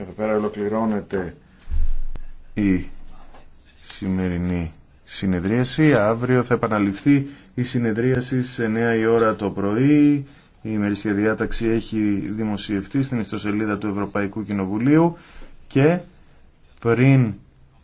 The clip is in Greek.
Εδώ πέρα ολοκληρώνεται η σημερινή συνεδρίαση. Αύριο θα επαναληφθεί η συνεδρίαση σε 9 η ώρα το πρωί. Η ημερήσια διάταξη έχει δημοσιευτεί στην ιστοσελίδα του Ευρωπαϊκού Κοινοβουλίου και πριν